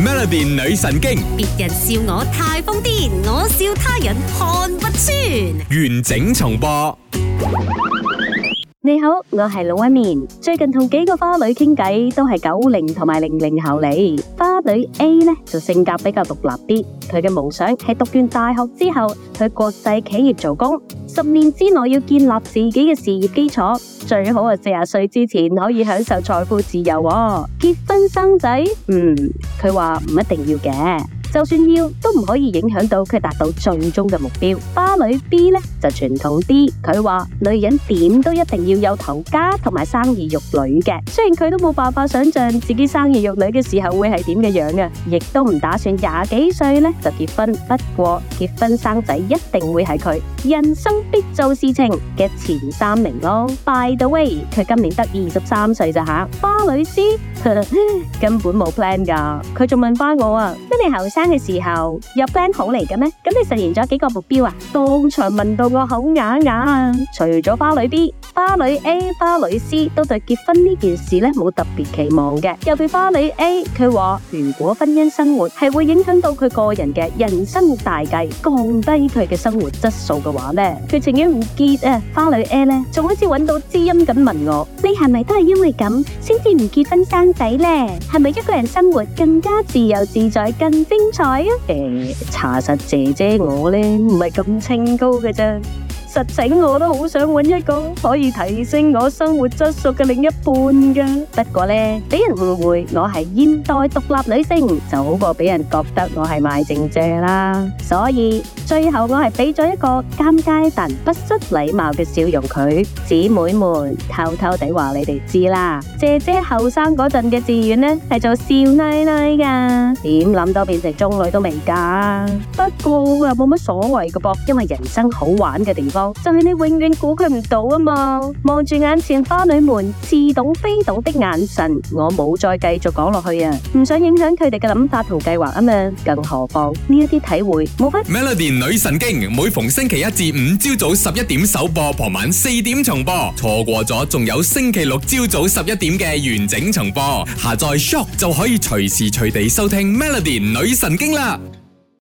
Melody 女神經，別人笑我太瘋癲，我笑他人看不穿。完整重播。你好，我係龍紋敏。最近同幾個花女傾偈，都係九零同埋零零後嚟。女 A 呢就性格比較獨立啲，佢嘅夢想係讀完大學之後去國際企業做工，十年之內要建立自己嘅事業基礎，最好啊四十歲之前可以享受財富自由哦。結婚生仔？嗯，佢話唔一定要嘅。就算要都唔可以影響到佢達到最終嘅目標。巴女 B 呢就傳統啲，佢話女人點都一定要有頭家同埋生兒育女嘅。雖然佢都冇辦法想象自己生兒育女嘅時候會係點嘅樣啊，亦都唔打算廿幾歲咧就結婚。不過結婚生仔一定會係佢人生必做事情嘅前三名咯。By the way，佢今年得二十三歲咋吓？巴女 C 根本冇 plan 噶。佢仲問翻我啊。你後生嘅時候入 band 好嚟嘅咩？咁你實現咗幾個目標啊？當場問到我口啞啞，除咗花女 B。花女 A、花女 C 都對結婚呢件事咧冇特別期望嘅，又對花女 A 佢話如果婚姻生活係會影響到佢個人嘅人生大計，降低佢嘅生活質素嘅話呢，佢情願唔結啊。花女 A 呢，仲好似揾到知音咁問我，你係咪都係因為咁先至唔結婚生仔呢？係咪一個人生活更加自由自在、更精彩啊？查實姐姐我咧唔係咁清高嘅啫。實請我都好想揾一個可以提升我生活質素嘅另一半噶。不過呢，俾人誤會我係現代獨立女性，就好過俾人覺得我係賣剩蔗啦。所以最後我係俾咗一個尷尬但不失禮貌嘅笑容佢。姊妹們，偷偷地話你哋知啦，姐姐後生嗰陣嘅志願呢係做少奶奶噶，點諗都變成中女都未嫁。不過我冇乜所謂噶噃，因為人生好玩嘅地方，就係你永遠估佢唔到啊嘛！望住眼前花女們似懂非懂的眼神，我冇再繼續講落去啊！唔想影響佢哋嘅諗法同計劃啊嘛！更何況呢一啲體會冇分。Melody 女神經每逢星期一至五朝早十一點首播，傍晚四點重播，錯過咗仲有星期六朝早十一點嘅完整重播。下載 Shock 就可以隨時隨地收聽 Melody 女神經啦！